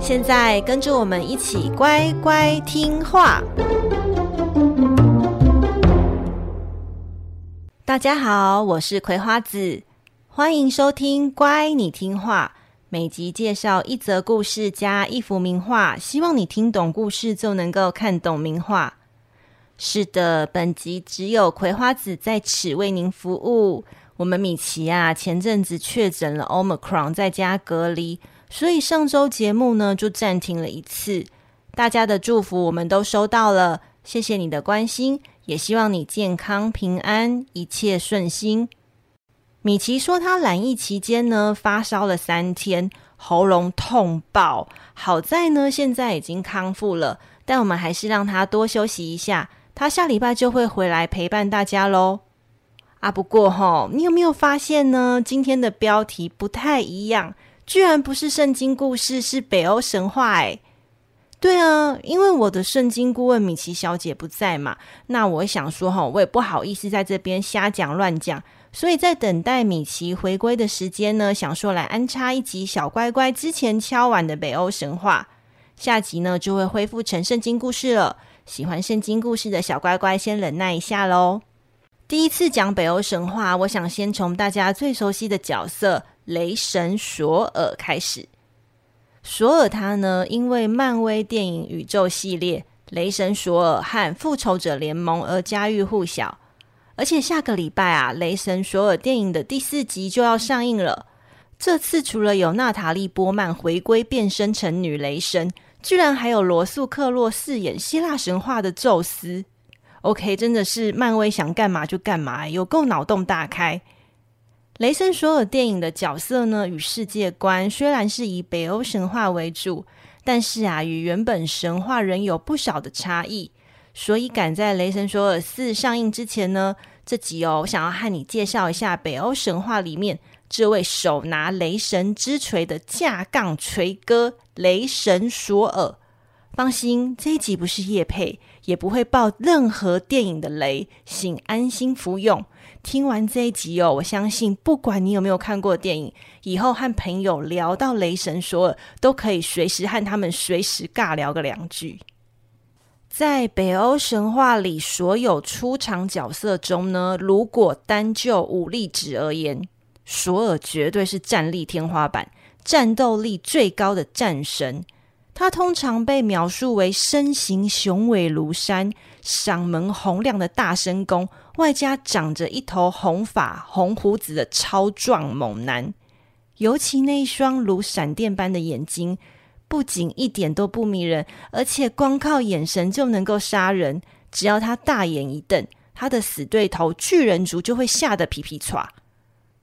現在跟着我們一起乖乖聽話。大家好，我是葵花子，歡迎收聽《乖，你聽畫》。每集介紹一則故事加一幅名畫，希望你聽懂故事就能夠看懂名畫。是的，本集只有葵花子在此為您服務。我們米奇啊，前陣子確診了 Omicron，在家隔離。所以上周節目呢就暫停了一次，大家的祝福我們都收到了，謝謝你的關心，也希望你健康平安，一切順心。米奇說他染疫期間呢發燒了三天，喉嚨痛爆，好在呢現在已經康復了，但我們還是讓他多休息一下，他下禮拜就會回來陪伴大家嘍。啊，不過吼，你有沒有發現呢？今天的標題不太一樣。居然不是聖經故事，是北歐神話哎！對啊，因為我的聖經顧問米奇小姐不在嘛，那我想說吼，我也不好意思在這邊瞎講亂講，所以在等待米奇回歸的時間呢，想說來安插一集小乖乖之前敲碗的北歐神話，下集呢就會恢復成聖經故事了。喜歡聖經故事的小乖乖先忍耐一下嘍。第一次講北歐神話，我想先從大家最熟悉的角色。雷神索爾開始，索爾他呢，因為漫威電影宇宙系列《雷神索爾》和《復仇者聯盟》而家喻戶曉。而且下個禮拜啊，《雷神索爾》電影的第四集就要上映了。這次除了有娜塔莉·波曼回歸變身成女雷神，居然還有羅素·克洛飾演希臘神話的宙斯。OK，真的是漫威想幹嘛就幹嘛欸，有夠腦洞大開。雷神索爾電影的角色呢，與世界觀雖然是以北歐神話為主，但是啊，與原本神話仍有不少的差異。所以趕在《雷神索爾四》上映之前呢，這集哦，我想要和你介紹一下北歐神話裡面這位手拿雷神之錘的正港鎚哥——雷神索爾。放心，這一集不是業配。也不會爆任何電影的雷，請安心服用。聽完這一集哦，我相信不管你有沒有看過電影，以後和朋友聊到雷神索爾，都可以隨時和他們隨時尬聊個兩句。在北歐神話裡，所有出場角色中呢，如果單就武力值而言，索爾絕對是戰力天花板，戰鬥力最高的戰神。他通常被描述為身形雄偉如山、嗓門洪亮的大聲公，外加長着一頭紅髮、紅鬍子的超壯猛男。尤其那一雙如閃電般的眼睛，不僅一點都不迷人，而且光靠眼神就能夠殺人。只要他大眼一瞪，他的死對頭巨人族就會嚇得皮皮剉。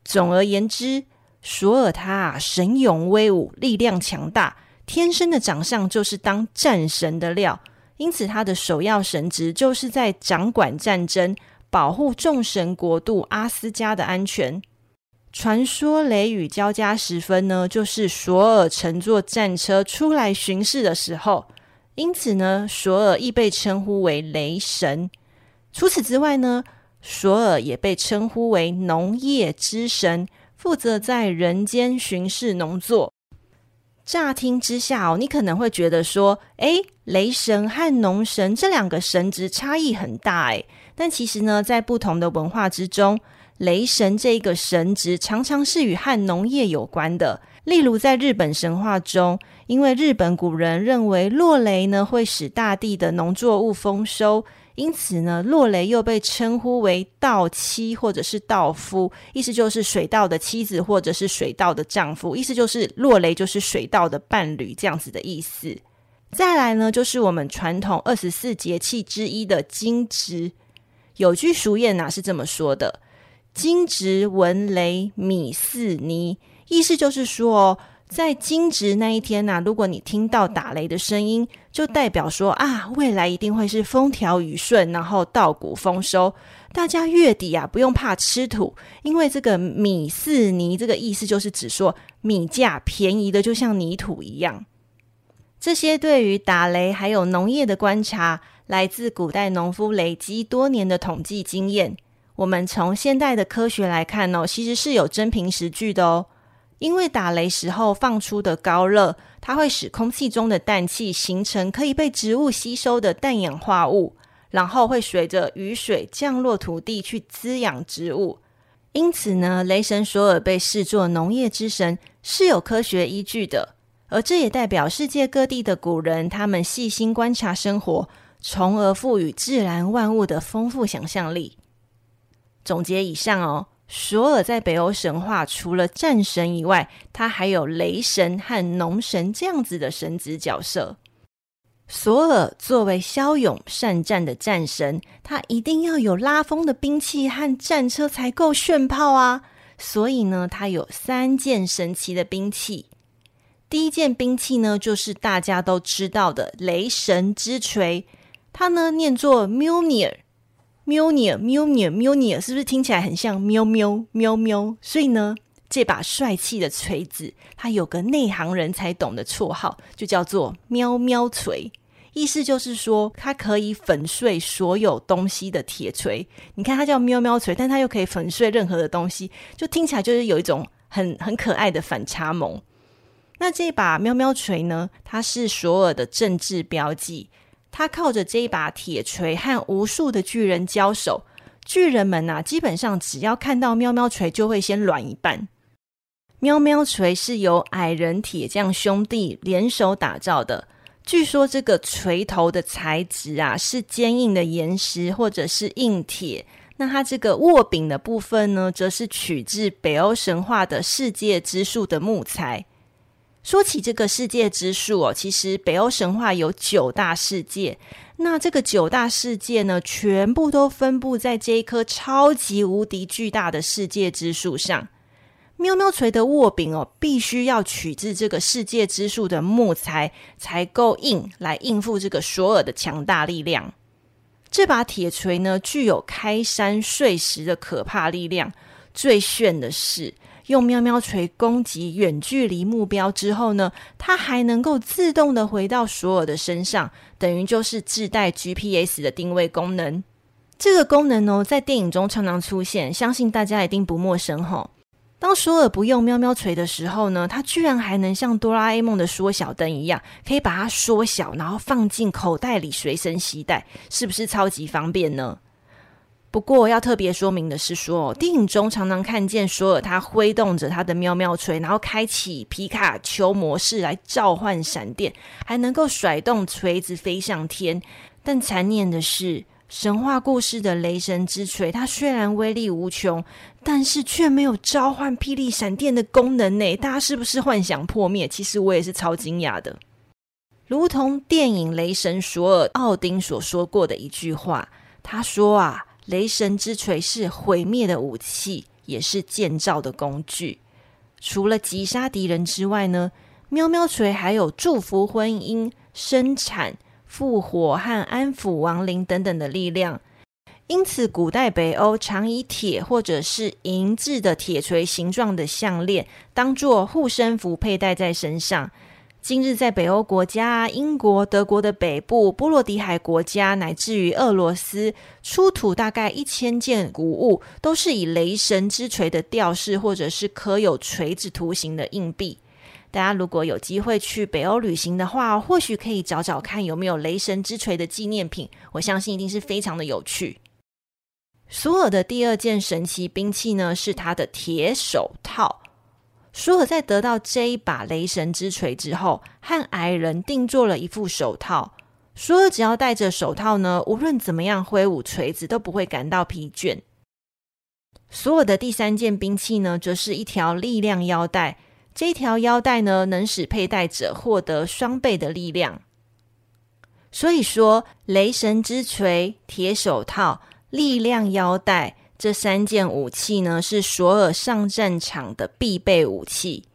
總而言之，索爾他啊，神勇威武，力量強大。天生的長相就是當戰神的料，因此他的首要神職就是在掌管戰爭、保護眾神國度阿斯加的安全。傳說雷雨交加時分呢，就是索爾乘坐戰車出來巡視的時候。因此呢，索爾亦被稱呼為雷神。除此之外呢，索爾也被稱呼為農業之神，負責在人間巡視農作。乍聽之下哦，你可能會覺得說，誒，雷神和農神這兩個神職差異很大誒。但其實呢，在不同的文化之中，雷神這一個神職常常是與漢農業有關的。例如，在日本神話中，因為日本古人認為落雷呢，會使大地的農作物豐收。因此呢，落雷又被稱呼為稻妻或者是稻夫，意思就是水稻的妻子或者是水稻的丈夫，意思就是落雷就是水稻的伴侶這樣子的意思。再來呢，就是我們傳統二十四節氣之一的驚蟄，有句俗諺吶是這麼說的：驚蟄聞雷米四泥，意思就是說。在驚蟄那一天呢、啊，如果你聽到打雷的聲音，就代表說啊，未來一定會是風調雨順，然後稻穀豐收。大家月底啊，不用怕吃土，因為這個米似泥這個意思就是指說米價便宜的就像泥土一樣。這些對於打雷還有農業的觀察，來自古代農夫累積多年的統計經驗。我們從現代的科學來看呢、哦，其實是有真憑實據的哦。因為打雷時候放出的高熱，它會使空氣中的氮氣形成可以被植物吸收的氮氧化物，然後會隨着雨水降落土地去滋養植物。因此呢，雷神索爾被視作農業之神是有科學依據的，而這也代表世界各地的古人，他們細心觀察生活，從而賦予自然萬物的豐富想象力。總結以上哦。索爾在北歐神話除了戰神以外，他還有雷神和龍神這樣子的神職角色。索爾作為驍勇善戰的戰神，他一定要有拉風的兵器和戰車才夠炫炮啊！所以呢，他有三件神奇的兵器。第一件兵器呢，就是大家都知道的雷神之錘，它呢念作 m j ö l i r Miau Miau Miau，是不是聽起來很像喵喵喵喵？所以呢，這把帥氣的錘子，它有個內行人才懂的綽號，就叫做“喵喵錘”。意思就是說，它可以粉碎所有東西的鐵錘。你看它叫“喵喵錘”，但它又可以粉碎任何的東西，就聽起來就是有一種很很可愛的反差萌。那這把“喵喵錘”呢，它是索爾的政治標記。他靠着這一把鐵錘和無數的巨人交手，巨人們吶、啊，基本上只要看到喵喵錘就會先軟一半。喵喵錘是由矮人鐵匠兄弟聯手打造的，據說這個錘頭的材質啊，是堅硬的岩石或者是硬鐵，那它這個握柄的部分呢，則是取自北歐神話的世界之樹的木材。說起這個世界之樹哦，其實北歐神話有九大世界。那這個九大世界呢，全部都分布在這一棵超級無敵巨大的世界之樹上。喵喵錘的握柄哦，必須要取自這個世界之樹的木材，才夠硬來應付這個索爾的強大力量。這把鐵錘呢，具有開山碎石的可怕力量。最炫的是。用喵喵錘攻擊遠距離目標之後呢，它還能夠自動的回到索爾的身上，等於就是自帶 GPS 的定位功能。這個功能呢，在電影中常常出現，相信大家一定不陌生吼，當索爾不用喵喵錘的時候呢，它居然還能像哆啦 A 夢的縮小燈一樣，可以把它縮小，然後放進口袋裡隨身攜帶，是不是超級方便呢？不過要特別說明的是說，說電影中常常看見索爾他揮動着他的喵喵錘，然後開啟皮卡丘模式來召喚閃電，還能夠甩動錘子飛上天。但殘念的是，神話故事的雷神之錘，它雖然威力無窮，但是卻沒有召喚霹靂閃電的功能呢。大家是不是幻想破滅？其實我也是超驚訝的。如同電影《雷神索爾》，奧丁所說過的一句話，他說啊。雷神之鎚是毀滅的武器，也是建造的工具。除了擊殺敵人之外呢，喵喵鎚還有祝福婚姻、生產、復活和安撫亡靈等等的力量。因此，古代北歐常以鐵或者是銀制的鐵鎚形狀的項鏈當做護身符佩戴在身上。今日，在北歐國家、英國、德國的北部、波羅的海國家，乃至於俄羅斯，出土大概一千件古物，都是以雷神之鎚的吊飾，或者是刻有鎚子圖形的硬幣。大家如果有機會去北歐旅行的話，或許可以找找看有沒有雷神之鎚的紀念品。我相信一定是非常的有趣。索爾的第二件神奇兵器呢，是他的鐵手套。索爾在得到這一把雷神之鎚之後，和矮人定做了一副手套。索爾只要戴着手套呢，無論怎麼樣揮舞鎚子都不會感到疲倦。索爾的第三件兵器呢，則、就是一條力量腰帶。這條腰帶呢，能使佩戴者獲得雙倍的力量。所以說，雷神之鎚、鐵手套、力量腰帶。這三件武器呢，是索爾上戰場的必備武器。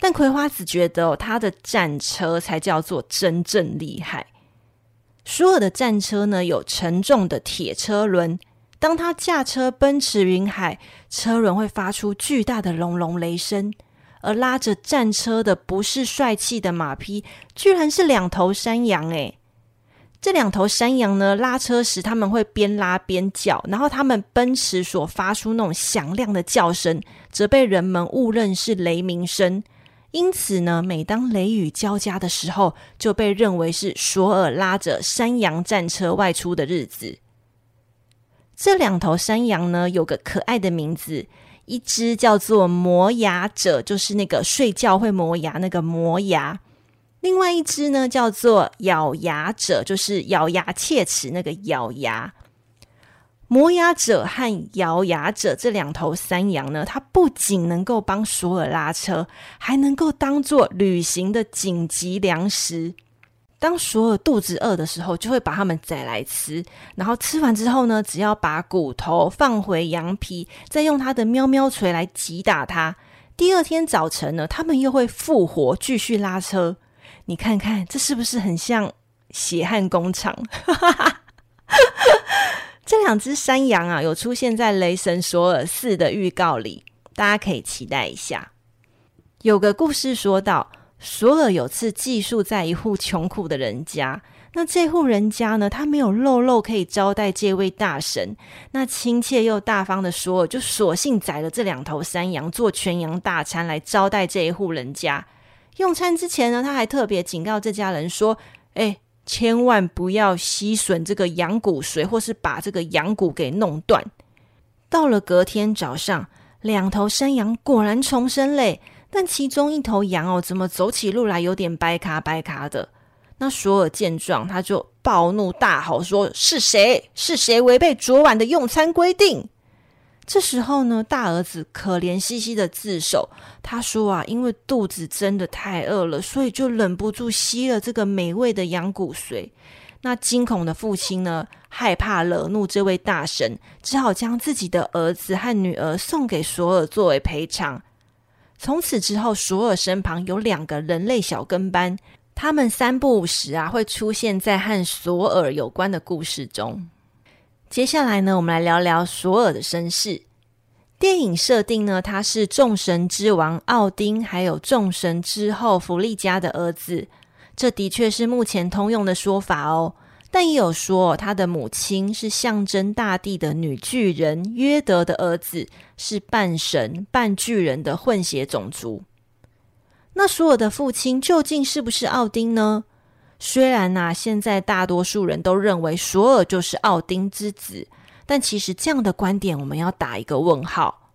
但葵花子覺得、哦，他的戰車才叫做真正厲害。索爾的戰車呢，有沉重的鐵車輪，當他駕車奔馳雲海，車輪會發出巨大的隆隆雷聲。而拉着戰車的，不是帥氣的馬匹，居然是兩頭山羊哎！這兩頭山羊呢，拉車時他們會邊拉邊叫，然後他們奔馳所發出那種響亮的叫聲，則被人們誤認是雷鳴聲。因此呢，每當雷雨交加的時候，就被認為是索爾拉着山羊戰車外出的日子。這兩頭山羊呢，有個可愛的名字，一隻叫做磨牙者，就是那個睡覺會磨牙那個磨牙。另外一隻呢，叫做咬牙者，就是咬牙切齒那個咬牙。磨牙者和咬牙者這兩頭山羊呢，它不僅能夠幫索爾拉車，還能夠當做旅行的緊急糧食。當索爾肚子餓的時候，就會把它們宰來吃。然後吃完之後呢，只要把骨頭放回羊皮，再用它的喵喵鎚來擊打它。第二天早晨呢，它們又會復活，繼續拉車。你看看，這是不是很像血汗工廠？ 這兩隻山羊啊，有出現在《雷神索爾四》的預告裡，大家可以期待一下。有個故事說到，索爾有次寄宿在一戶窮苦的人家，那這戶人家呢，他沒有肉肉可以招待這位大神，那親切又大方的索爾就索性宰了這兩頭山羊，做全羊大餐來招待這一戶人家。用餐之前呢，他還特別警告這家人說：“哎、欸，千萬不要吸吮這個羊骨髓，或是把這個羊骨給弄斷。”到了隔天早上，兩頭山羊果然重生嘞，但其中一頭羊哦，怎麼走起路來有點掰卡掰卡的？那索爾見狀，他就暴怒大吼說：“說是誰是誰違背昨晚的用餐規定？”這時候呢，大兒子可憐兮兮的自首。他說啊，因為肚子真的太餓了，所以就忍不住吸了這個美味的羊骨髓。那驚恐的父親呢，害怕惹怒這位大神，只好將自己的兒子和女兒送給索爾作為賠償。從此之後，索爾身旁有兩個人類小跟班，他們三不五時啊，會出現在和索爾有關的故事中。接下來呢，我們來聊聊索爾的身世。電影設定呢，他是眾神之王奧丁，還有眾神之後弗利嘉的兒子。這的確是目前通用的說法哦，但也有說、哦、他的母親是象徵大地的女巨人約德的兒子，是半神半巨人的混血種族。那索爾的父親究竟是不是奧丁呢？雖然吶、啊，現在大多數人都認為索爾就是奧丁之子，但其實這樣的觀點我們要打一個問號。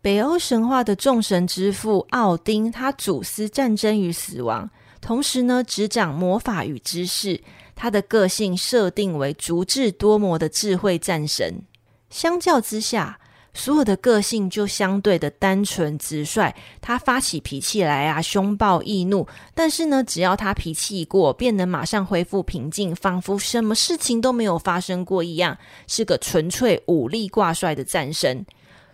北歐神話的眾神之父奧丁，他主司戰爭與死亡，同時呢執掌魔法與知識。他的個性設定為足智多謀的智慧戰神。相較之下，索爾的個性就相對的單純直率，他發起脾氣來啊，兇暴易怒。但是呢，只要他脾氣一過，便能馬上恢復平靜，仿佛什麼事情都沒有發生過一樣。是個純粹武力掛帥的戰神。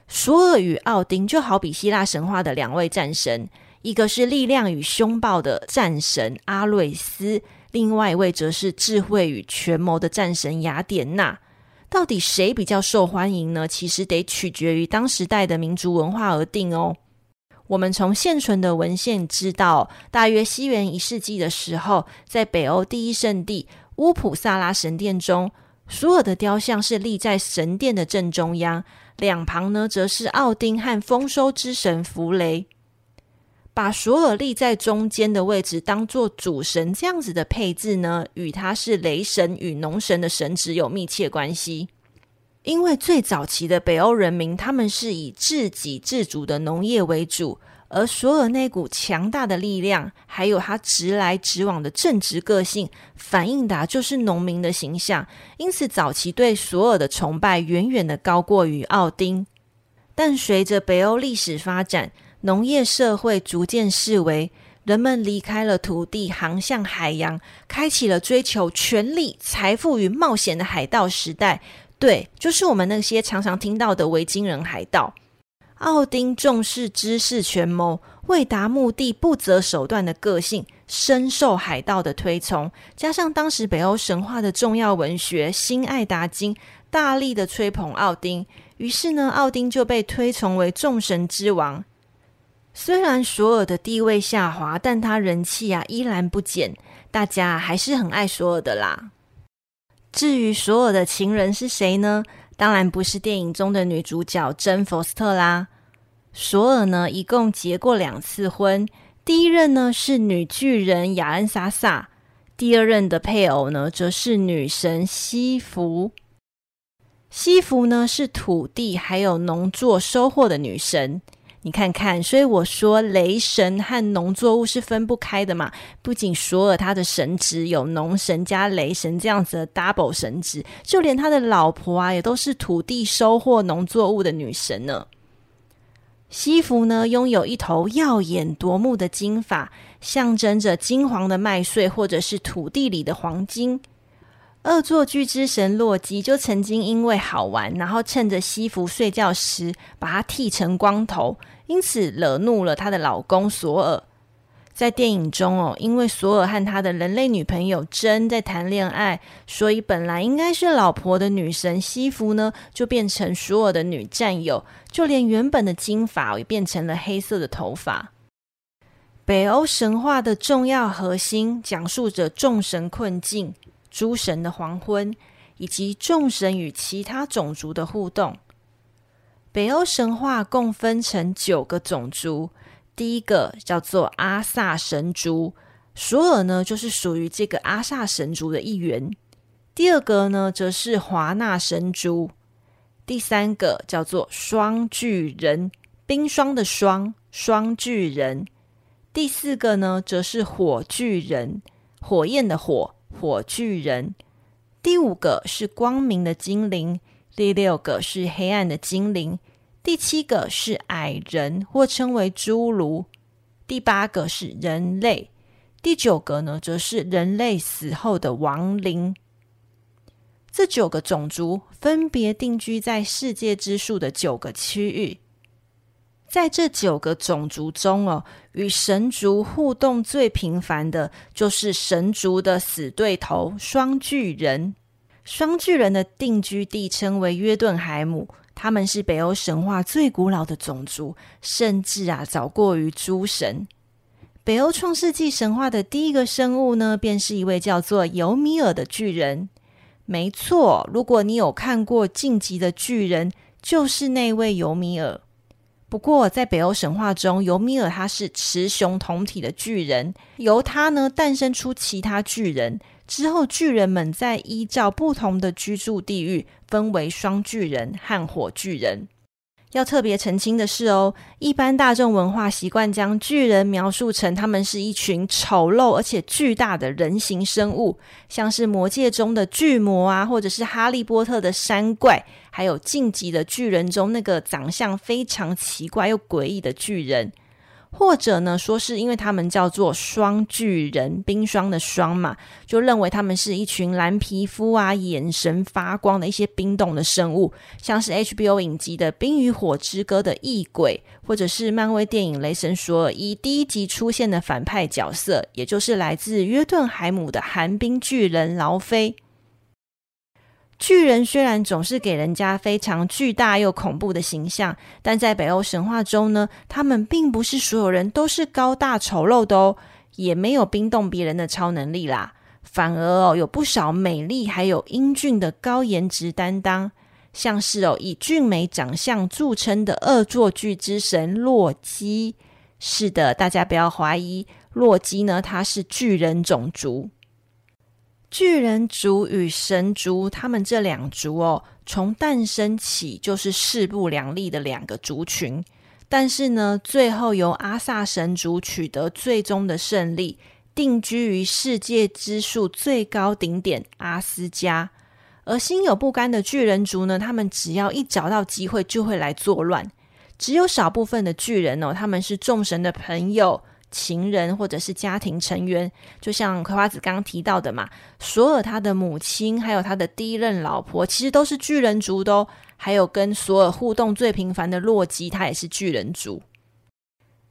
索爾與奧丁就好比希臘神話的兩位戰神，一個是力量與兇暴的戰神阿瑞斯，另外一位則是智慧與權謀的戰神雅典娜。到底誰比較受歡迎呢？其實得取決於當時代的民族文化而定哦。我們從現存的文獻知道，大約西元一世紀的時候，在北歐第一聖地烏普薩拉神殿中，索爾的雕像是立在神殿的正中央，兩旁呢則是奧丁和豐收之神弗雷。把索爾立在中間的位置，當做主神這樣子的配置呢，與他是雷神與農神的神職有密切關係。因為最早期的北歐人民，他們是以自給自足的農業為主，而索爾那股強大的力量，還有他直來直往的正直個性，反映的就是農民的形象。因此，早期對索爾的崇拜遠遠的高過於奧丁。但隨着北歐歷史發展，農業社會逐漸視為人們離開了土地，航向海洋，開啟了追求權力、財富與冒險的海盜時代。對，就是我們那些常常聽到的維京人海盜。奧丁重視知識、權謀，為達目的不擇手段的個性，深受海盜的推崇。加上當時北歐神話的重要文學《新艾達經》大力的吹捧奧丁，於是呢，奧丁就被推崇為眾神之王。雖然索爾的地位下滑，但他人氣啊依然不減，大家還是很愛索爾的啦。至於索爾的情人是誰呢？當然不是電影中的女主角珍·佛斯特啦。索爾呢，一共結過兩次婚，第一任呢是女巨人雅恩撒薩，第二任的配偶呢則是女神西弗。西弗呢，是土地還有農作收穫的女神。你看看，所以我說雷神和農作物是分不開的嘛。不僅索爾他的神職有農神加雷神這樣子的 double 神職，就連他的老婆啊，也都是土地收穫農作物的女神呢。希芙呢，擁有一頭耀眼奪目的金髮，象徵着金黃的麥穗或者是土地裡的黃金。惡作劇之神洛基就曾經因為好玩，然後趁着西服睡覺時把他剃成光頭，因此惹怒了她的老公索爾。在電影中，哦，因為索爾和他的人類女朋友珍在談戀愛，所以本來應該是老婆的女神西服呢，就變成索爾的女戰友，就連原本的金髮也變成了黑色的頭髮。北歐神話的重要核心，講述着眾神困境。諸神的黃昏，以及眾神與其他種族的互動。北歐神話共分成九個種族，第一個叫做阿薩神族，索爾呢就是屬於這個阿薩神族的一員。第二個呢，則是華納神族。第三個叫做霜巨人，冰霜的霜，霜巨人。第四個呢，則是火巨人，火焰的火。火巨人，第五個是光明的精靈，第六個是黑暗的精靈，第七個是矮人或稱為侏儒，第八個是人類，第九個呢，則是人類死後的亡靈。這九個種族分別定居在世界之樹的九個區域，在這九個種族中哦。與神族互動最頻繁的，就是神族的死對頭——霜巨人。霜巨人的定居地稱為約頓海姆。他們是北歐神話最古老的種族，甚至啊，早過於諸神。北歐創世紀神話的第一個生物呢，便是一位叫做尤米爾的巨人。沒錯，如果你有看過《進擊的巨人》，就是那位尤米爾。不過，在北歐神話中，尤米爾他是雌雄同體的巨人，由他呢誕生出其他巨人之後，巨人們再依照不同的居住地域，分為霜巨人和火巨人。要特別澄清的是哦，一般大眾文化習慣將巨人描述成他們是一群醜陋而且巨大的人形生物，像是魔戒中的巨魔啊，或者是哈利波特的山怪，還有《進擊的巨人》中那個長相非常奇怪又詭異的巨人。或者呢，說是因為他們叫做“霜巨人”，冰霜的霜嘛，就認為他們是一群藍皮膚啊、眼神發光的一些冰凍的生物，像是 HBO 影集的《冰與火之歌》的異鬼，或者是漫威電影《雷神索爾》第一集出現的反派角色，也就是來自約頓海姆的寒冰巨人勞菲。巨人雖然總是給人家非常巨大又恐怖的形象，但在北歐神話中呢，他們並不是所有人都是高大醜陋的哦，也沒有冰凍別人的超能力啦。反而哦，有不少美麗還有英俊的高顏值擔當，像是哦，以俊美長相著稱的惡作劇之神洛基。是的，大家不要懷疑，洛基呢，他是巨人種族。巨人族與神族，他們這兩族哦，從誕生起就是勢不兩立的兩個族群。但是呢，最後由阿薩神族取得最終的勝利，定居於世界之樹最高頂點阿斯加。而心有不甘的巨人族呢，他們只要一找到機會，就會來作亂。只有少部分的巨人哦，他們是眾神的朋友。情人、或者是家庭成員，就像葵花子剛剛提到的嘛，索爾他的母親，還有他的第一任老婆，其實都是巨人族的哦。還有跟索爾互動最頻繁的洛基，他也是巨人族。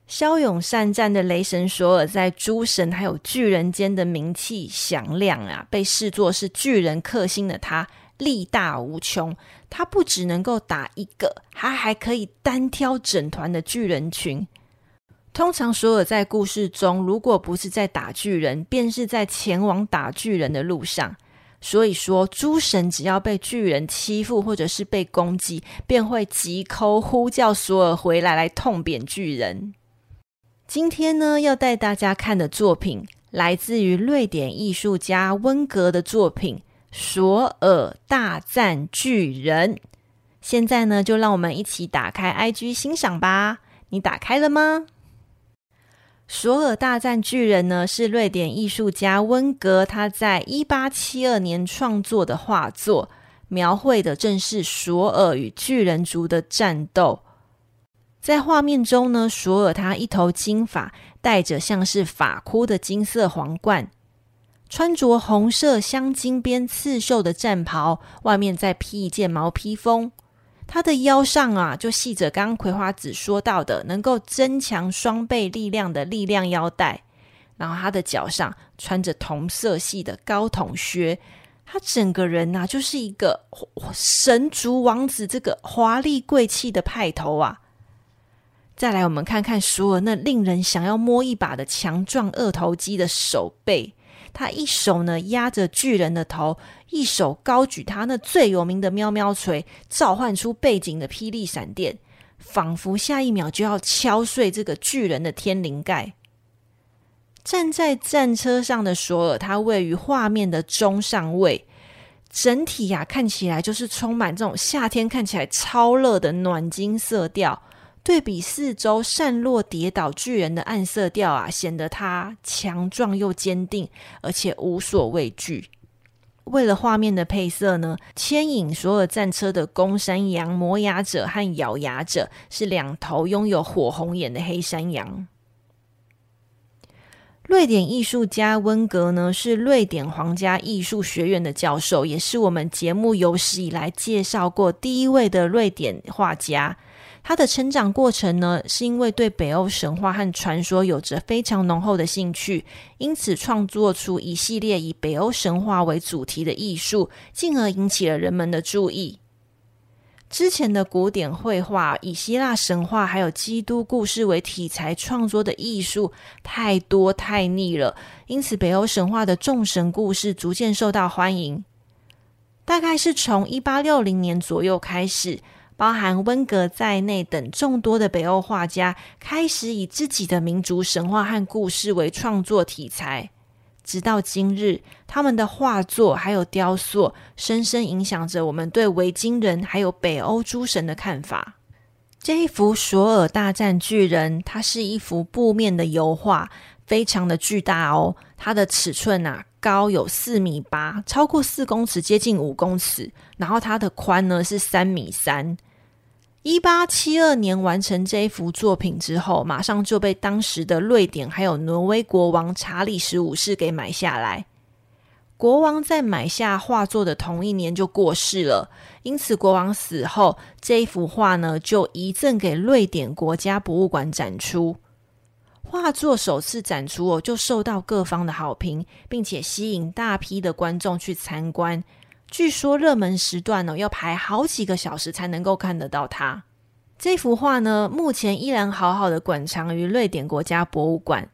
驍勇善戰的雷神索爾，在諸神還有巨人間的名氣響亮啊，被視作是巨人剋星的他，力大無窮。他不只能夠打一個，他還可以單挑整團的巨人群。通常，索爾在故事中，如果不是在打巨人，便是在前往打巨人的路上。所以說，諸神只要被巨人欺負，或者是被攻擊，便會即刻呼叫索爾回來，來痛扁巨人。今天呢，要帶大家看的作品，來自於瑞典藝術家溫格的作品《索爾大戰巨人》。現在呢，就讓我們一起打開 IG 欣賞吧。你打開了嗎？索爾大戰巨人呢，是瑞典藝術家溫格他在一八七二年創作的畫作，描繪的正是索爾與巨人族的戰鬥。在畫面中呢，索爾他一頭金髮，戴着像是髮箍的金色皇冠，穿着紅色鑲金邊刺繡的戰袍，外面再披一件毛披風。他的腰上啊，就繫着剛剛葵花子說到的能夠增強雙倍力量的力量腰帶，然後他的腳上穿着同色系的高筒靴，他整個人吶、啊，就是一個神族王子這個華麗貴氣的派頭啊！再來，我們看看索爾那令人想要摸一把的強壯二頭肌的手背。他一手呢壓着巨人的頭，一手高舉他那最有名的喵喵錘，召喚出背景的霹靂閃電，仿佛下一秒就要敲碎這個巨人的天靈蓋。站在戰車上的索爾，他位於畫面的中上位，整體呀、啊、看起來就是充滿這種夏天看起來超熱的暖金色調。對比四周散落跌倒巨人的暗色調啊，顯得他強壯又堅定，而且無所畏懼。為了畫面的配色呢，牽引索爾戰車的公山羊磨牙者和咬牙者是兩頭擁有火紅眼的黑山羊。瑞典藝術家溫格呢，是瑞典皇家藝術學院的教授，也是我們節目有史以來介紹過第一位的瑞典畫家。他的成長過程呢，是因為對北歐神話和傳說有着非常濃厚的興趣，因此創作出一系列以北歐神話為主題的藝術，進而引起了人們的注意。之前的古典繪畫以希臘神話還有基督故事為題材創作的藝術太多太膩了，因此北歐神話的眾神故事逐漸受到歡迎。大概是從一八六零年左右開始。包含溫格在內等眾多的北歐畫家，開始以自己的民族神話和故事為創作題材。直到今日，他們的畫作還有雕塑，深深影響着我們對維京人還有北歐諸神的看法。這一幅索爾大戰巨人，它是一幅布面的油畫，非常的巨大哦。它的尺寸啊，高有四米八，超過四公尺，接近五公尺。然後它的寬呢，是三米三。一八七二年完成這一幅作品之後，馬上就被當時的瑞典還有挪威國王查理十五世給買下來。國王在買下畫作的同一年就過世了，因此國王死後，這一幅畫呢就遺贈給瑞典國家博物館展出。畫作首次展出哦，就受到各方的好評，並且吸引大批的觀眾去參觀。據說熱門時段哦，要排好幾個小時才能夠看得到它。這幅畫呢，目前依然好好的館藏於瑞典國家博物館。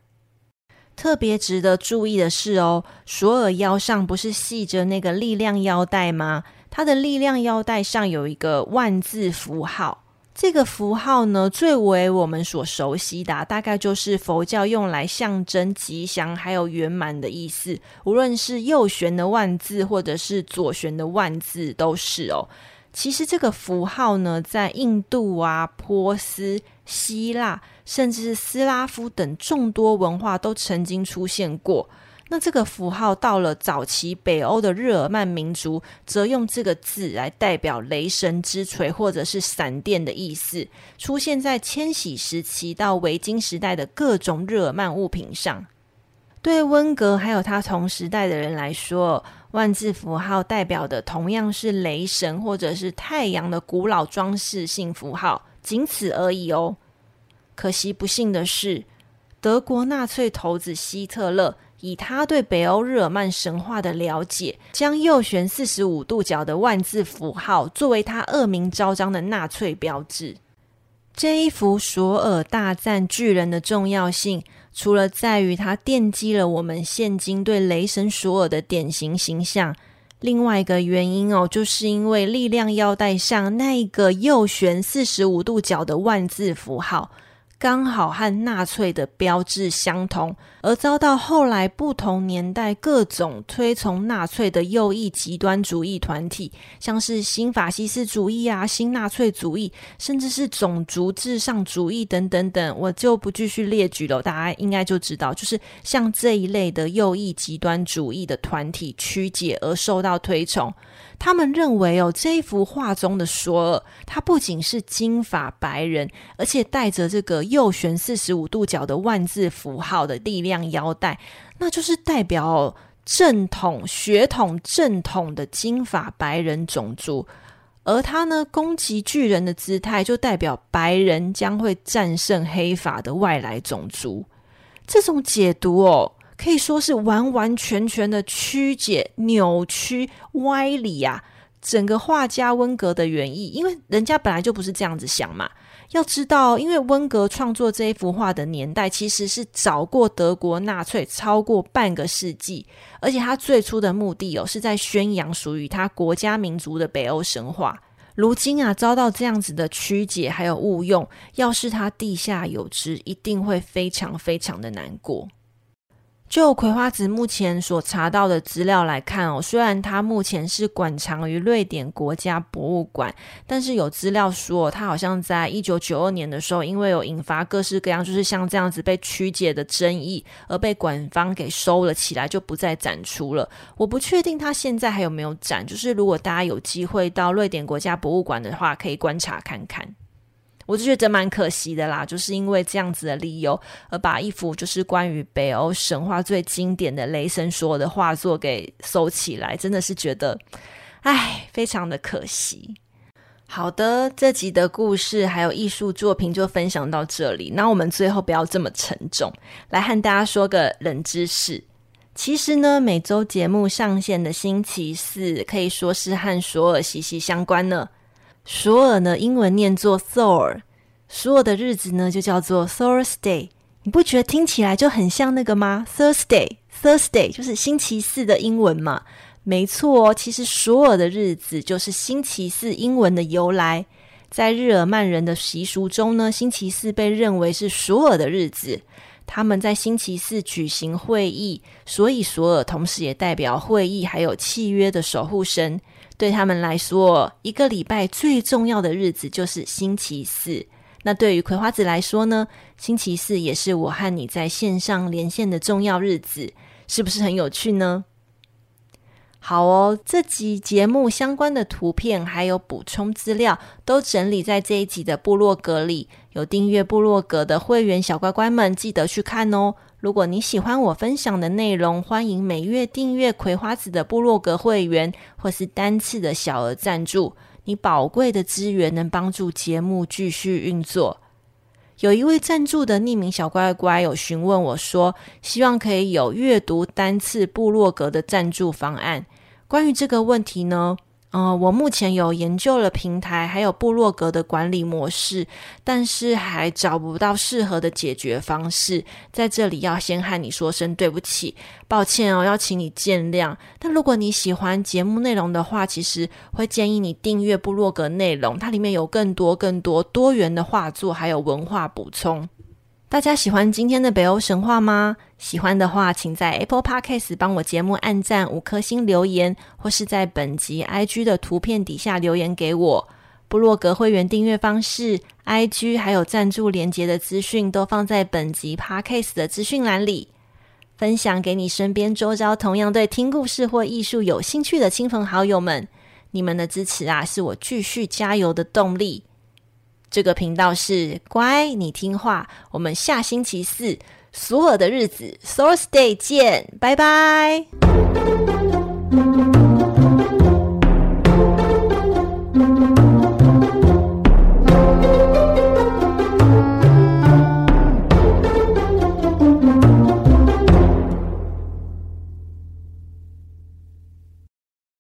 特別值得注意的是哦，索爾腰上不是繫着那個力量腰帶嗎？它的力量腰帶上有一個萬字符號。這個符號呢，最為我們所熟悉的啊，大概就是佛教用來象徵吉祥還有圓滿的意思。無論是右旋的萬字，或者是左旋的萬字，都是哦。其實這個符號呢，在印度啊、波斯、希臘，甚至斯拉夫等眾多文化都曾經出現過。那這個符號到了早期北歐的日耳曼民族，則用這個字來代表雷神之錘或者是閃電的意思，出現在遷徙時期到維京時代的各種日耳曼物品上。對溫格還有他同時代的人來說，萬字符號代表的同樣是雷神或者是太陽的古老裝飾性符號，僅此而已哦。可惜不幸的是，德國納粹頭子希特勒。以他對北歐日耳曼神話的了解，將右旋四十五度角的萬字符號作為他惡名昭彰的納粹標誌。這一幅索爾大戰巨人的重要性，除了在於它奠基了我們現今對雷神索爾的典型形象，另外一個原因哦，就是因為力量腰帶上那個右旋四十五度角的萬字符號。剛好和納粹的標誌相同，而遭到後來不同年代各種推崇納粹的右翼極端主義團體，像是新法西斯主義啊、新納粹主義，甚至是種族至上主義等等等，我就不繼續列舉了。大家應該就知道，就是像這一類的右翼極端主義的團體曲解而受到推崇。他們認為哦，這一幅畫中的索爾，他不僅是金髮白人，而且帶着這個右旋四十五度角的萬字符號的力量腰帶，那就是代表正統血統、正統的金髮白人種族。而他呢，攻擊巨人的姿態，就代表白人將會戰勝黑髮的外來種族。這種解讀哦。可以說是完完全全的曲解、扭曲、歪理啊！整個畫家溫格的原意，因為人家本來就不是這樣子想嘛。要知道，因為溫格創作這一幅畫的年代，其實是早過德國納粹超過半個世紀，而且他最初的目的哦，是在宣揚屬於他國家民族的北歐神話。如今啊，遭到這樣子的曲解還有誤用，要是他地下有知，一定會非常非常的難過。就葵花子目前所查到的資料來看哦，雖然它目前是館藏於瑞典國家博物館，但是有資料說哦，它好像在一九九二年的時候，因為有引發各式各樣就是像這樣子被曲解的爭議，而被館方給收了起來，就不再展出了。我不確定它現在還有沒有展，就是如果大家有機會到瑞典國家博物館的話，可以觀察看看。我就覺得蠻可惜的啦，就是因為這樣子的理由而把一幅就是關於北歐神話最經典的雷神索爾的畫作給收起來，真的是覺得，哎，非常的可惜。好的，這集的故事還有藝術作品就分享到這裡。那我們最後不要這麼沉重，來和大家說個冷知識。其實呢，每周節目上線的星期四可以說是和索爾息息相關呢。索爾呢，英文念作 Thor，索爾的日子呢，就叫做 Thor's Day。你不覺得聽起來就很像那個嗎？Thursday，Thursday Thursday，就是星期四的英文嘛。沒錯哦，其實索爾的日子就是星期四英文的由來。在日耳曼人的習俗中呢，星期四被認為是索爾的日子。他們在星期四舉行會議，所以索爾同時也代表會議還有契約的守護神。對他們來說，一個禮拜最重要的日子就是星期四。那對於葵花子來說呢？星期四也是我和你在線上連線的重要日子，是不是很有趣呢？好哦，這集節目相關的圖片還有補充資料都整理在這一集的部落格裡，有訂閱部落格的會員小乖乖們記得去看哦。如果你喜歡我分享的內容，歡迎每月訂閱葵花子的部落格會員，或是單次的小額贊助。你寶貴的資源能幫助節目繼續運作。有一位贊助的匿名小乖乖有詢問我說，希望可以有閱讀單次部落格的贊助方案。關於這個問題呢，嗯，我目前有研究了平台，還有部落格的管理模式，但是還找不到適合的解決方式。在這裡要先和你說聲對不起，抱歉哦，要請你見諒。但如果你喜歡節目內容的話，其實會建議你訂閱部落格內容，它裡面有更多更多多元的畫作，還有文化補充。大家喜歡今天的北歐神話嗎？喜歡的話，請在 Apple Podcast 幫我節目按讚五顆星，留言，或是在本集 IG 的圖片底下留言給我。部落格會員訂閱方式、IG 還有贊助鏈接的資訊，都放在本集 Podcast 的資訊欄裡。分享給你身邊周遭同樣對聽故事或藝術有興趣的親朋好友們，你們的支持啊，是我繼續加油的動力。這個頻道是乖，你聽畫。我們下星期四，索爾的日子，Source Day 見，拜拜。